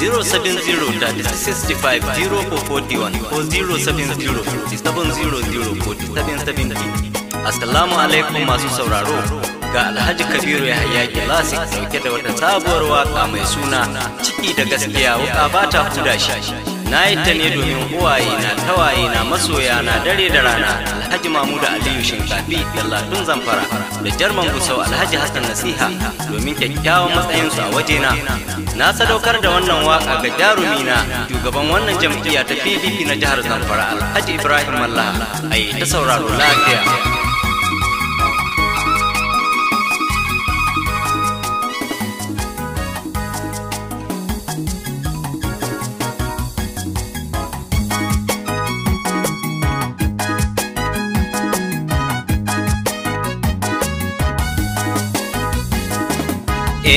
070-365-0441 ko alaikum masu sauraro ga Alhaji Kabiru ya haya Gilasi dauke da wata sabuwar waƙa mai suna ciki da gaskiya wuka ba ta huda shi. na yi ta ne domin uwaye na tawaye na masoya na dare da rana alhaji mamuda aliyu shinkafi da latun zamfara da jarman gusau alhaji hassan nasiha domin kyakkyawan matsayinsu a waje na na sadaukar da wannan waka ga jarumi na shugaban wannan jam'iyya ta pdp na jihar zamfara alhaji ibrahim mallaha a yi ta sauraro lafiya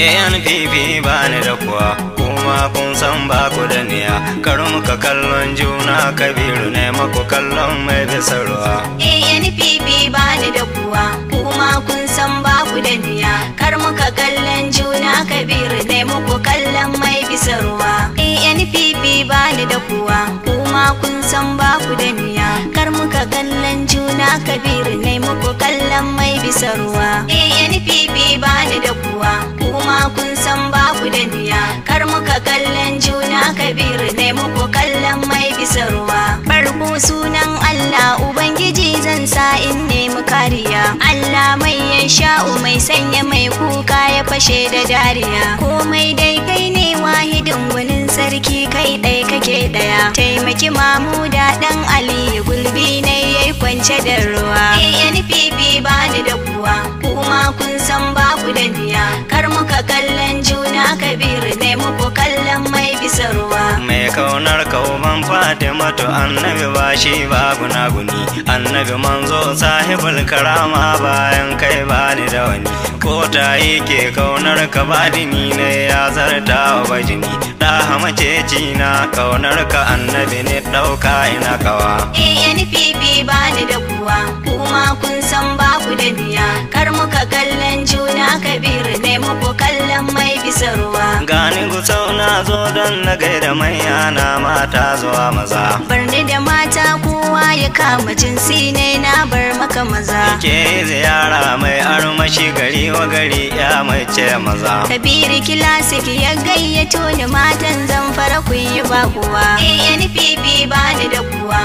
ANPP ba ni da kuwa kuma kun san ba ku da niya kar muka kallon juna kabiru ne maku kallon mai bisarwa eh, ANPP ba ni da kuwa kuma kun san ba ku da niya kar muka kallon juna kabiru ne muku kallon mai bisarwa eh, ANPP ba ni da kuwa kuma kun san ba ku da niya kar muka kallon juna kabiru ne muku kallon mai sarwa. Kabiru ne muku kallon mai bisa ruwa farko sunan Allah ubangiji zan sa in nemi kariya Allah mai ya sha'u mai sanya mai kuka ya fashe da dariya komai dai kai ne wahidin gunin sarki kai ɗai kake ɗaya taimaki mamuda ɗan aliyu gulbi ne ya kwance da ruwa ANPP ba ni da kuwa kuma kun san baku da biya kar muka kallon juna kabir ne muku kallon isarwa mai kaunar kauman fatimatu annabi ba shi naguni, gunaguni annabi manzo sahibul karama bayan kai ba ni da wani ko ta ke kaunar ka ba dini ne ya zarta wa jini da hamace na kaunar ka annabi ne dauka ina kawa eh ni fifi ba ni da kuwa kuma kun san ba duniya kar muka kallon juna kabir ne muku kallon mai bisa ruwa gani gusau na zo don na gaida manya na mata zuwa maza birni da mata kowa ya kama jinsi ne na bar maka maza ke ziyara mai armashi gari wa gari ya mai ce maza kabir kilasik ya gayyato ni matan zamfara ku yi ba kuwa eh ba ni da kuwa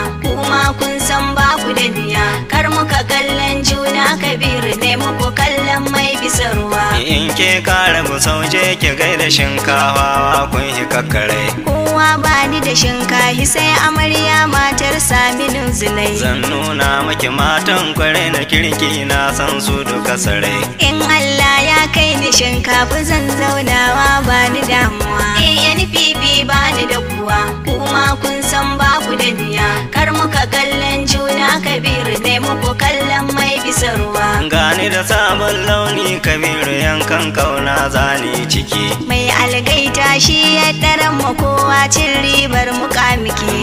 in ke kare mu sauje ki gaida shinkawa kun hi kakkare kowa ba ni da shinkahi sai amarya matar saminin zinai zan nuna maki matan kware na kirki na san su duka sare in Allah ya kai ni shinkafa zan zaunawa ba ni damuwa ANPP ba ni da kuwa kuma kun san babu da niya suna kabiru ne muku kallon mai bisa ruwa gani da sabon launi kabiru yankan kauna zane ciki mai algaita shi ya daren mu kowa cin ribar mukamiki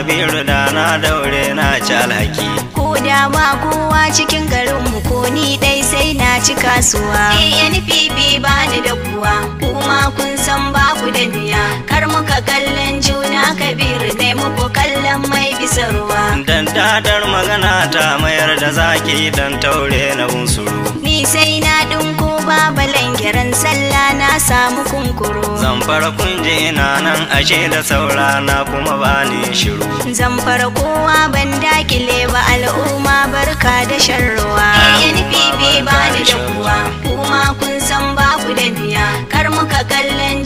kabiru da na daure na ci alhaki ko da ba kowa cikin garin mu ko ni dai sai na ci kasuwa ANPP ba ni da kuwa kuma kun san ba ku da niya kar muka kallon juna kabiru ne muku kallon mai bisa ruwa dan dadar magana ta mayar da zaki dan taure na unsuru ni sai na dinko baba gyaran sallah na samu kunkuru zamfara kunje na nan ashe da saura na kuma bani ni shiru zamfara kowa ban dakile ba al'umma barka da sharruwa NPP ba ni da kuwa kuma kun san ba ku da biya kar muka kallon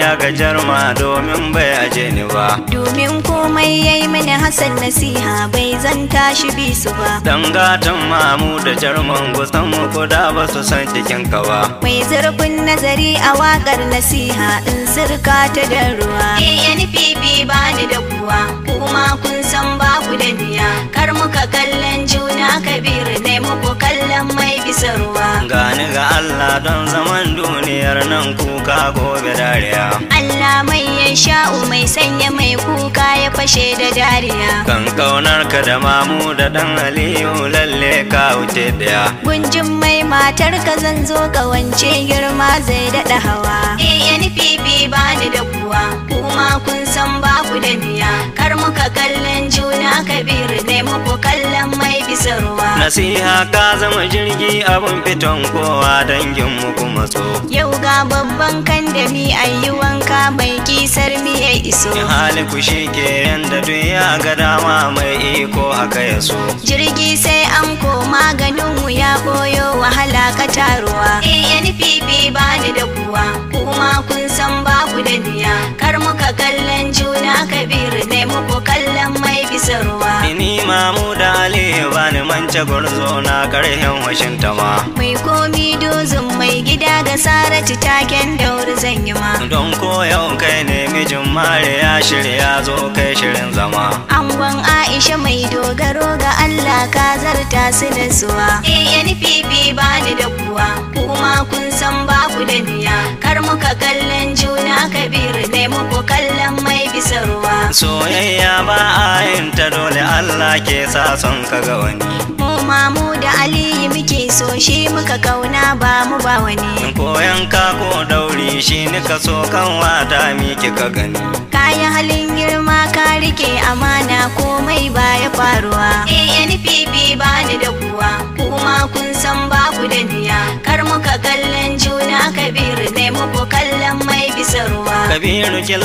ya gajar ma domin bai aje ni ba domin komai yayi mini hasan nasiha bai zan tashi bi su ba dan gatan mamu da jarman gusan mu da ba su san cikin ka ba mai zurfin nazari a wakar nasiha in sirka ta da ruwa ANPP ba ni da kuwa kuma kun san ba ku da niya kar muka kallon juna kabir ne muku isarwa gani ga Allah don zaman duniyar nan kuka gobe dariya Allah mai ya sha'u mai sanya mai kuka ya fashe da dariya kan kaunar ka da mamu da dan aliyu lalle ka wuce daya gunjin mai matar ka zan zo kawance girma zai daɗa hawa eh, ANPP ba ni da kuwa kuma kun san ba ku da niya kar muka kallon juna kabir ne muku kallon nasiha ka zama jirgi abin fiton kowa dangin mu kuma so yau ga babban kandami ayyuwan wanka mai kisar mi ya iso hali ku ke yanda duk ya ga dama mai iko aka ya so jirgi sai an koma ganin mu ya koyo wahala ka taruwa e, ANPP ba ni da kuwa kuma kun san ba ku da niya kar muka kallon juna kabir ne muku kallon mai bisarwa ni mamu kashe gurzo na karhin washin ma. mai komi dozin mai gida ga saratu taken daur zan yi ma don koyon kai ne mijin Mare ya shirya zo kai shirin zama angon aisha mai dogaro ga allah ka zarta su da suwa anpp ba ni da kuwa kuma kun san ba ku da niya kar muka kallon juna kabir ne muku kallon mai bisa ruwa soyayya ba a yin ta dole allah ke sa son ka ga wani mu da aliyu muke so shi muka kauna ba mu ba wani koyan ka ko dauri shi nika so kan wata mi kika gani kayan halin girma ka rike amana komai ba ya faruwa ANPP e ba ni da kuwa kuma kun san ba ku da niya kar muka kallon ji kabiru ne kallon mai ruwa. kabiru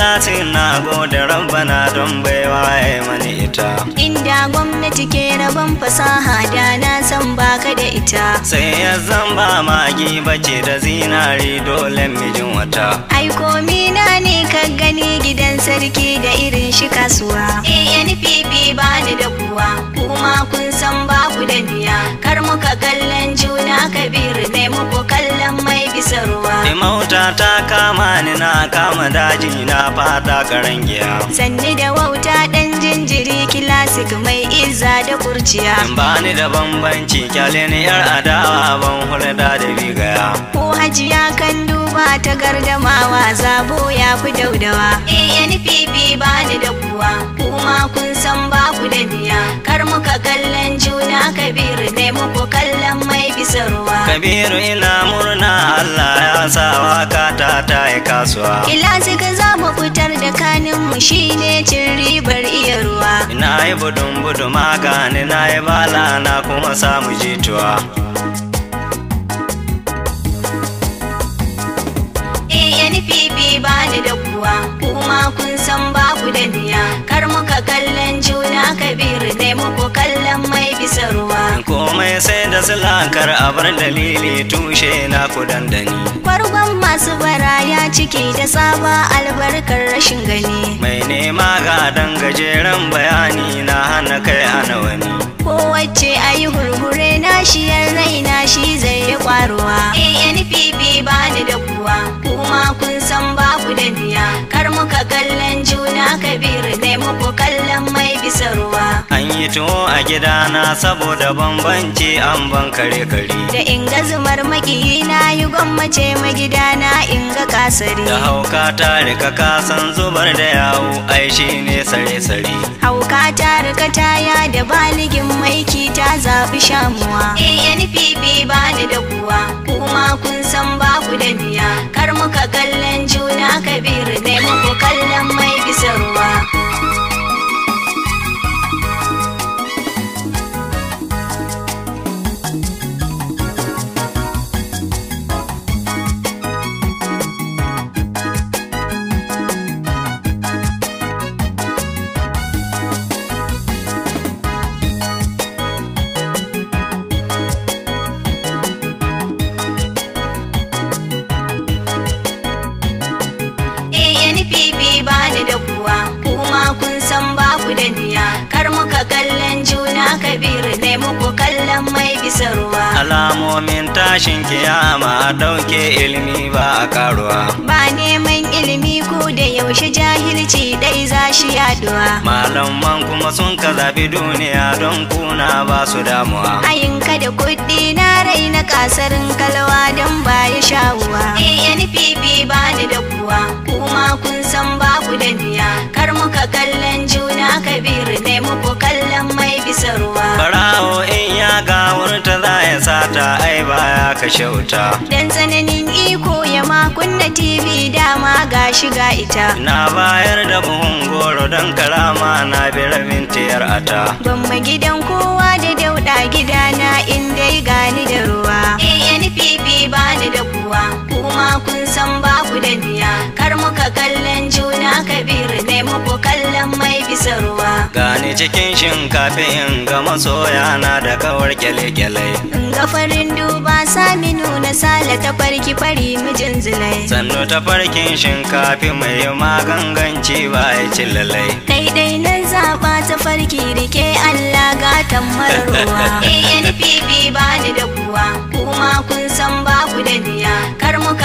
na gode rabbana don baiwa ya mani ita inda gwamnati ke rabon fasaha da na san baka da ita sai ya ba magi bace da zinari dole mijin wata ai komina ne ka gani gidan sarki da irin shi kasuwa ANPP eh, ba bani da kuwa kuma kun san ba daniya kar muka kallon juna kabir ne muku kallon mai bisa ruwa ne mauta ta kama ni na kama daji na fata karan giya sanni da wauta dan jinjiri kilasik mai izza da kurciya ba ni da bambanci kyale ni yar adawa ban hulɗa da bigaya ko hajiya kan duba ta gardamawa zabo ya fi daudawa eh, anpp bani da kuwa kuma kun san baku da biya na kabiru ne muku kallon mai bisarwa kabiru ina murna allah ya sa waka ta ta yi kasuwa ila zika za mu fitar da kanin mu shine cin ribar iya ruwa ina yi budun budu magani na yi bala na kuma samu jituwa komai sai da a abar dalili tushe na kudandani Bargon masu baraya ya cike da tsaba albarkar rashin gani Mai nema ga dan gajeren bayani na hana kai a nawani? Kowacce a yi hurhure na shi raina shi zai yi kwaruwa anpb eh, ba ni da kuwa kuma kun san babu da niya Kar muka kallon juna kabir ne muku kallon an yi tuwo a gida na saboda bambanci an ban kare kare da inga zumar makiyi na yi gwammace magidana in ga kasari da hauka ta rika kasan zubar da yawo ai shi ne sare sare hauka ta rika taya da baligin maiki ta zabi shamuwa anpp ba ni da kuwa kuma kun san ba ku da biya kar muka kallon juna kabiru ne muku kallon mai ruwa. sarwa alamomin tashin kiyama dauke ilimi ba a karuwa ba neman ilimi ku da yaushe jahilci dai za shi yaduwa malaman kuma sun ka zabi duniya don kuna ba su damuwa ayinka da kuɗi na rai na kasarin kalwa don ba ya shawuwa anpp ba ni da kuwa kuma kun san ba ku da niya kar muka kallon juna kabir ne muku kallon mai bisa ruwa barawo in ya ga ka kyauta dan tsananin iko ya makunna kunna tv dama ga shiga ita na bayar da buhun goro don karama na biramin tiyar ata don gidan kowa da dauda gidana in dai gani da ruwa anpp eh, ba da kuwa kuma kun san ba duniya kar muka kallon juna kabir ne muku kallon mai bisa ruwa Gane cikin shinkafi in ga masoya na da kawar kyale-kyale ga farin duba sami nuna Sale ta farki fari mijin zulai sannu ta farkin shinkafi mai maganganci ba ya ci lalai kai dai nan zaba ta farki rike allah gatan mararuwa anpp ba ni da kuwa kuma kun san babu da niya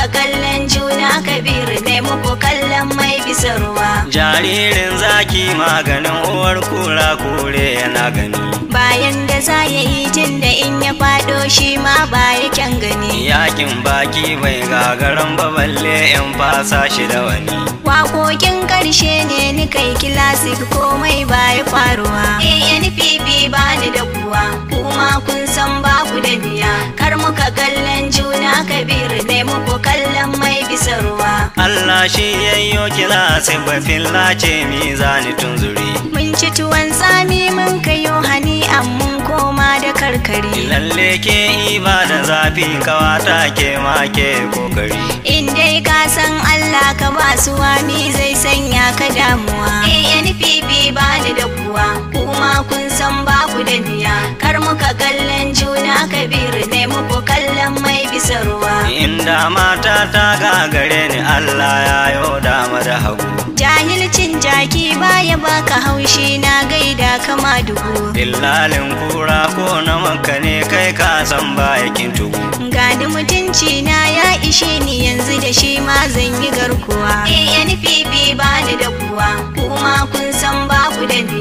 ka kallon juna kabir ne muku kallon mai bisa ruwa jaririn zaki maganin uwar kura kure yana gani bayan da za ya yi jin da in ya fado shi ma ba kyan gani yakin baki bai gagaran ba balle 'yan fasa shi da wani waƙoƙin ƙarshe ne ni kai kilasik komai ba ya faruwa anpp ba ni da kuwa kuma kun san ba da biya har muka kallon juna kabir ne muku kallon mai bisa ruwa Allah shi yayyo kira sai filla ce mi zani tunzuri mun ci tuwon tsami mun kayo hani amma koma da karkari lalle ke iba da zafi kawata ke ma ke kokari in dai ka san Allah ka ba su wami zai sanya ka damuwa ANPP eh, ba da kuwa kuma kun san ba ku da niya kar muka kallon juna kabiru ne muku kallon mai bisa ruwa inda mata ta gare ni Allah ya yo dama da hagu jahilcin jaki baya baka haushi na gaida kama dubu Illalin kura ko na maka ne kai ka san ba yakin tugu gani mutunci na ya ishe ni yanzu da shi ma zan yi garkuwa ANPP eh, ba ni da kuwa kuma kun san ba ku da ni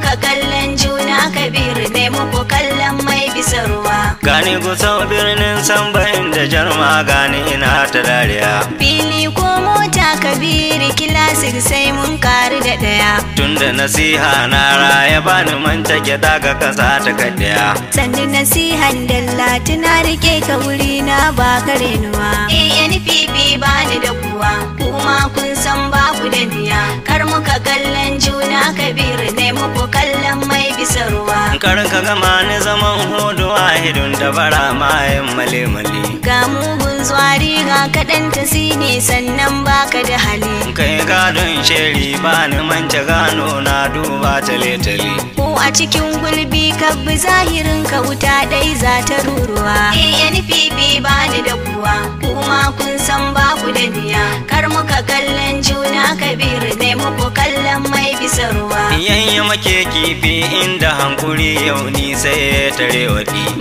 muka kallon juna Kabiru ne muku kallon mai bisa ruwa gani gusau birnin sambayin da jarma gani ina ta dariya fili ko mota kabiri kilasik sai mun karu da daya tunda nasiha na raya bani manta ke daga kasa ta kaddiya sannu nasihan dalla na rike ka wuri na ba E, nuwa eh, ANPP ni da kuwa kuma kun san baku da niya kar muka kallon juna kabir ne muku karka ka gama ni zaman hudu wahidun da bara mayan male-male zuwari ga kaɗan ta sine sannan baka da hali kai gadon sheri ba ni manta gano na duba tale-tale ko a cikin gulbi kabbi zahirin ka wuta dai za ta ruruwa anpp eh, ba ni da kuwa kuma kun san ba ku da biya kar muka kallon juna kabir ne muku kallon mai bisa ruwa yayya make kifi inda hankuri yau ni sai ya tare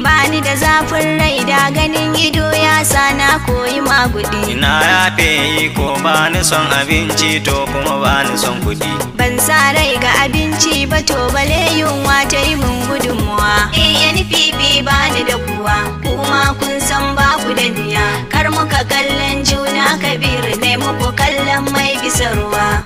ba ni da zafin rai da ganin ido ya sana na koyi maguɗi. ina yafe yi ko ba ni son abinci to kuma ba ni son kuɗi. ban sa rai ga abinci ba to bale yunwa ta yi mun gudunmuwa ANPP e, ba ni da kuwa kuma kun san ba ku da niya kar muka kallon juna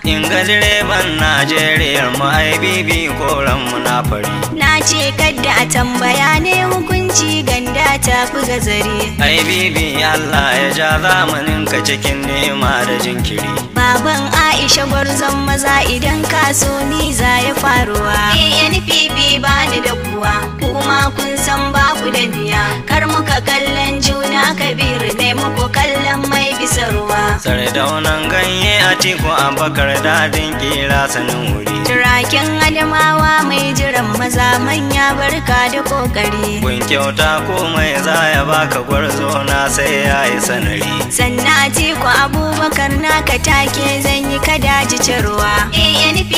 in ga direban najeriya mu ai bibi koran mu na fari na ce kadda a tambaya ne hukunci ganda ta fi gazari ai bibi allah ya ja zamanin ka cikin nema da jinkiri baban aisha gwarzon maza idan ka so ni za ya faruwa eh npp ba ni da kuwa kuma kun san ba ku kar muka kallon juna kabiru ne muku kallon mai bisa ruwa sardaunan ganye a tiku bakar dadin kira sanin wuri turakin almawa mai jiran maza manya barka da kokari kun kyauta komai za ya baka gwarzo na sai ya yi sanari sannan a tiku abubakar naka take zan yi kada ji cirwa anpp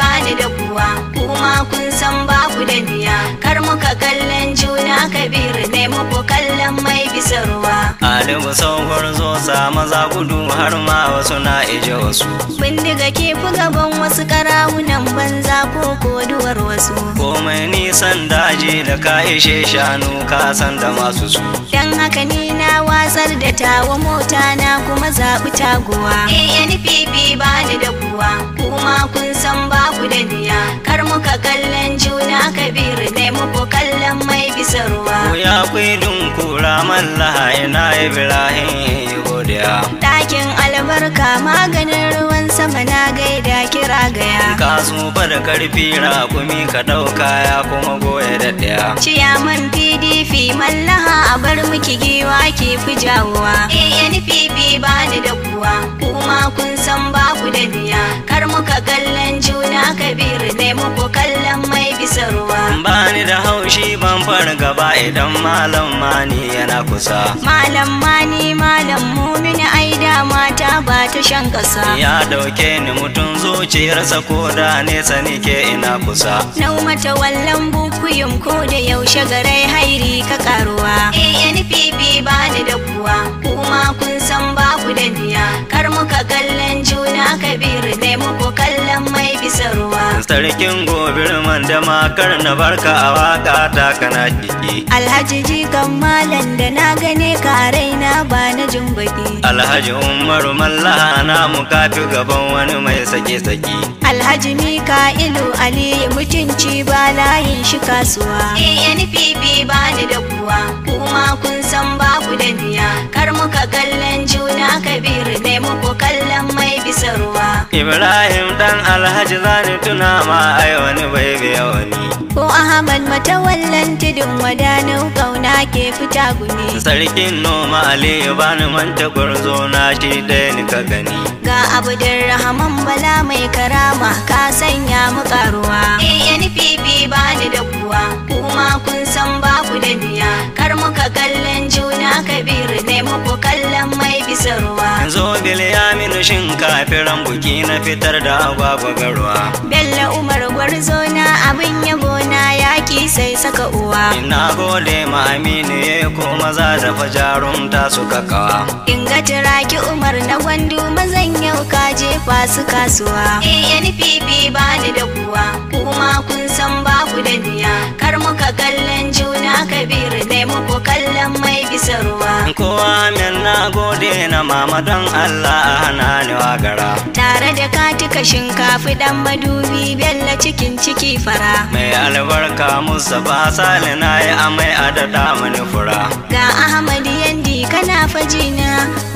ba ni da kuwa kuma kun san ba ku da niya kar muka kallon kabir ne muku kallon mai bisarwa alibu saukar zo maza gudu har ma wasu na ije wasu bindiga ke fi gaban wasu karawunan banza ko koduwar wasu komai nisan daji da ka ishe shanu ka san da masu su dan haka ni na wasar da tawa mota na kuma zaɓi taguwa anpp eh, ba ni da kuwa kuma kun san ba da niya ka kallon juna kabir ne muku kallon mai bisa ruwa ya kwirin kura mallaha na ibrahim godiya takin albarka maganin ruwan sama na gaida ragaya ka zubar karfi rakumi ka ɗauka ya kuma goya da ɗaya ciyaman pdp mallaha a bar miki giwa ke fi jawowa eh, anpp ba ni da kuwa kuma kun san ba ku da biya kar muka kallon juna kabiru ne muku kallon isarwa bani da haushi ban gaba idan malam mani yana kusa malam mani malam mumini ai da mata ba ta shan kasa ya dauke ni mutum zuciyarsa ko da nesa nike ina kusa nau mata wallan bukuyum ko da yaushe garai hairi ka karuwa anpp eh, ba ni da kuwa kuma kun san babu da biya muka kallon juna kabir ne muku kallon mai bisa ruwa sarkin gobir man makar na barka a waka ta kana kiki alhaji jikan malam da na gane ka na ba na jin baki alhaji umaru mallaha na mu kafi gaban wani mai sake saki alhaji mika'ilu ali mutunci ba layin shi kasuwa anpp ba ni da kuwa kuma kun ku kar muka kallon juna kabiru ne muku kallon mai bisa ruwa ibrahim dan alhaji zani tuna ma ai wani bai biya wani ko ahmad wallan tudun wadanin kauna ke fita guni sarkin noma aliyu bani manta gurzo na shi dai ni ka gani ga rahaman bala mai karama ka sanya mu karuwa eh npp ba da kuwa kuma kun san ba duniya kar muka kallon juna kabir ne muku kallon mai bisa ruwa zo bilyamin shin kafiran buki na fitar da agwagwa garwa bello umar gwarzo na abin yabo na yaki sai saka uwa ina gode ma aminu ya ko maza da fajarun ta suka kawa in ga turaki umar na gwandu mazan yau ka jefa su kasuwa eh npp ba sarwa kowa min na gode na mama don Allah hana ni wagara tare da katika kashin kafi dan madubi bella cikin ciki fara mai albarka musa ba Sale na yi amai a da mani fura ga ahmad yandi kana fajina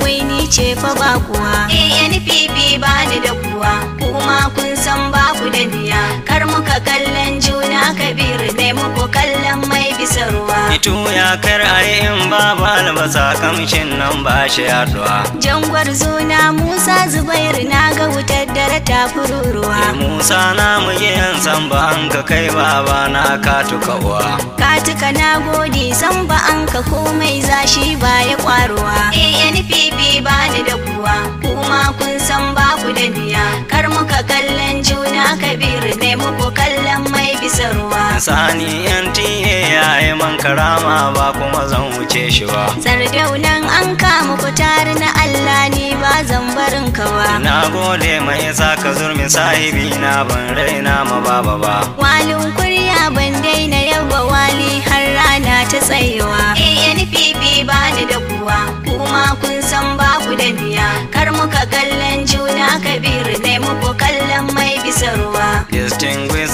wai ni ce fa ba kuwa anpp ba ni da kuwa kuma kun san ba ku da niya kar muka kalli. kabir ne muka kallon mai bisa ruwa ito ya kar ai ba babu albasa kamshin nan ba shi yaduwa jangwar zuna musa zubair na ga wutar dare ta fururuwa musa na mu yin san ba an ka kai baba na ka tuka uwa ka tuka na gode san ba an ka komai zashi ba ya kwaruwa anpp ba ni da kuwa kuma kun san ba ku da niya. kar muka kallon juna kabir ne muku kallon isarwa sani yan ya yayi man karama ba kuma zan wuce shi ba sardaunan an kama kutari na Allah ni ba zan barin ka ba na gode mai saka zurmi sahibi na ban raina ma baba ba walin kurya ban daina yabba wali har rana ta tsayewa eh, ANPP ba ni da kuwa kuma kun san ba ku da ni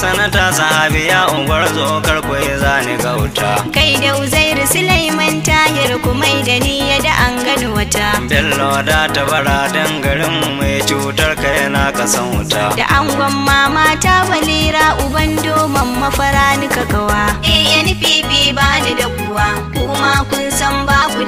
sanata sahabiya ungwar zo karko zane zani wuta. kai da uzairu sulaiman tayar kumai da ya da an gani wata bello da bara don garin mu mai cutar ka yana kasan wuta da angon mama ta balira uban doman mafara ni kakawa eh NPP ba ni da kuwa kuma kun san ba su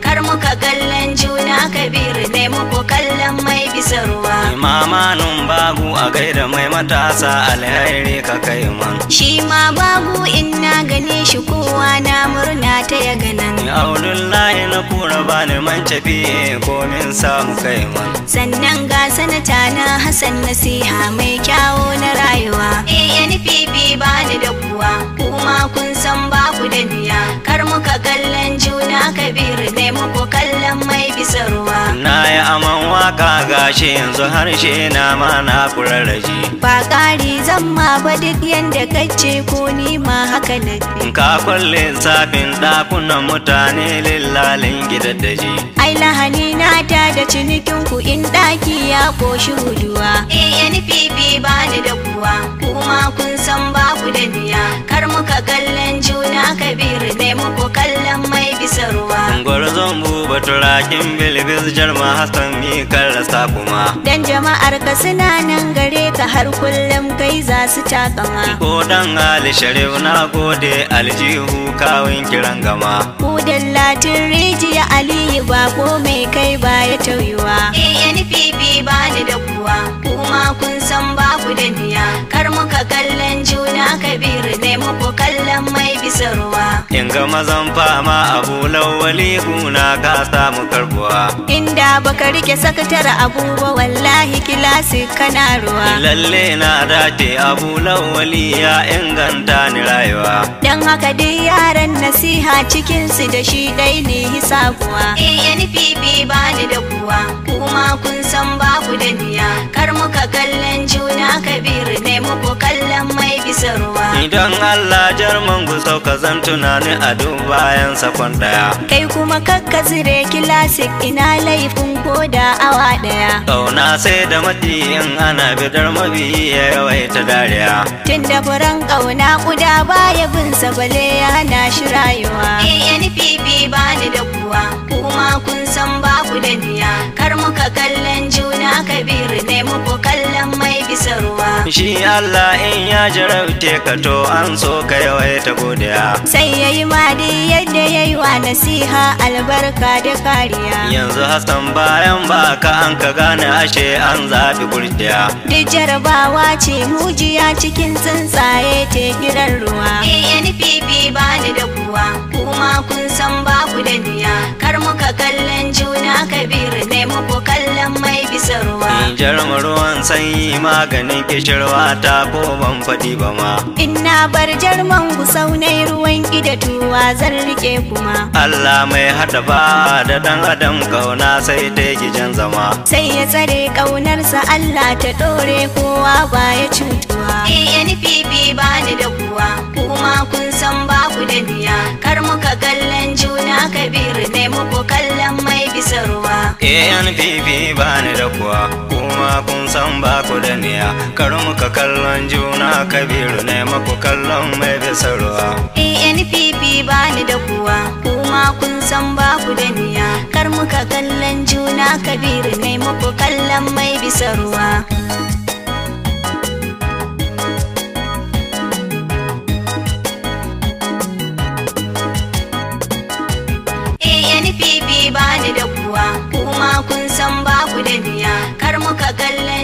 kar muka kallon juna kabir ne muku kallon mai bisa ruwa mama nun bagu a gaida mai matasa alheri ka kai man shi ma bagu in na gane shi kowa na murna ta ya ganan abdullahi na kura bani man tafi komin samu kai man sannan ga sanata na hasan nasiha mai kyawo na rayuwa anpp eh, ba ni da kuwa kuma kun san ba da niya har muka kallon juna kabir ne muku kallon mai bisa ruwa na yi aman waka gashi yanzu harshe na ma na kurarraji ba ƙari zan ma ba duk yanda kace ko ni ma haka na ka kulle safin ɗakunan mutane lillalin gidan daji ai lahani na ta da cinikin ku in ɗaki ya koshi huduwa e, anpp ba ni da kuwa kuma kun san babu da niya kar muka kallon juna kabir ne mu ku kallon mai bisa ruwa gwarzon buba turakin bilbil jarma hassan mi karasa kuma dan jama'ar ka suna nan gare ka har kullum kai za su takama ko dan ali sharif na gode aljihu kawin kiran gama ku dallatin rijiya aliyu ba ko mai kai ba ya tauyuwa anpp ba ni da kuwa kuma kun san babu da niya kar muka kalle juna kabir ne muku kallon mai bisa ruwa in ga mazan fama abu lawali guna ka samu karbuwa inda baka rike abu abubuwa wallahi kilasi kana ruwa lalle na dace abu lawali ya inganta ni rayuwa dan haka duk yara nasiha cikinsu da shi dai ne hisa kuwa ANPP ba ni da kuwa kuma kun san ba da niya kar muka kallon juna kabir ne muku kallon mai bisa ruwa idan Allah jar mangu sauka zan tunani a duk bayan sakon daya kai kuma kakka zire kilasik ina laifin koda awa ɗaya? kauna sai da in ana bidar mabi ya yawaita dariya tun da ƙauna kauna kuda baya bin sabale ya na shira rayuwa ANPP ba ni da kuwa kuma kun san ba ku da niya kar muka kallon juna kabir ne muku isarwa shi Allah in ya jarabte ka to an so ka yawaita godiya sai yayi madi yadda yayi wa nasiha albarka da kariya yanzu Hassan bayan baka an ka gane ashe an zabi gurdiya duk jarabawa ce mujiya cikin tsuntsaye te gidan ruwa ANPP ba ni da kuwa kuma kun san babu da niya kar muka kallon juna kabir ne muku dan mai bisarwa Nijar ruwan sanyi maganin kishirwa ta ko ban faɗi ba ma Ina bar jarman ku saunai ruwan gida tuwa zan rike kuma Allah mai haɗa ba da ɗan adam kauna sai ta gijan zama Sai ya tsare ƙaunarsa Allah ta ɗore kowa ba ya cutuwa Eh, ANPP ba ni da kuwa kuma kun san ba ku da niya kar muka kallon juna kabiru ne maku kallon mai bisa ruwa eh, ANPP ba ni da kuwa kuma kun san ba ku da niya kar muka kallon juna kabiru ne maku kallon mai bisa ruwa eh, ANPP ba ni da kuwa பகல்ல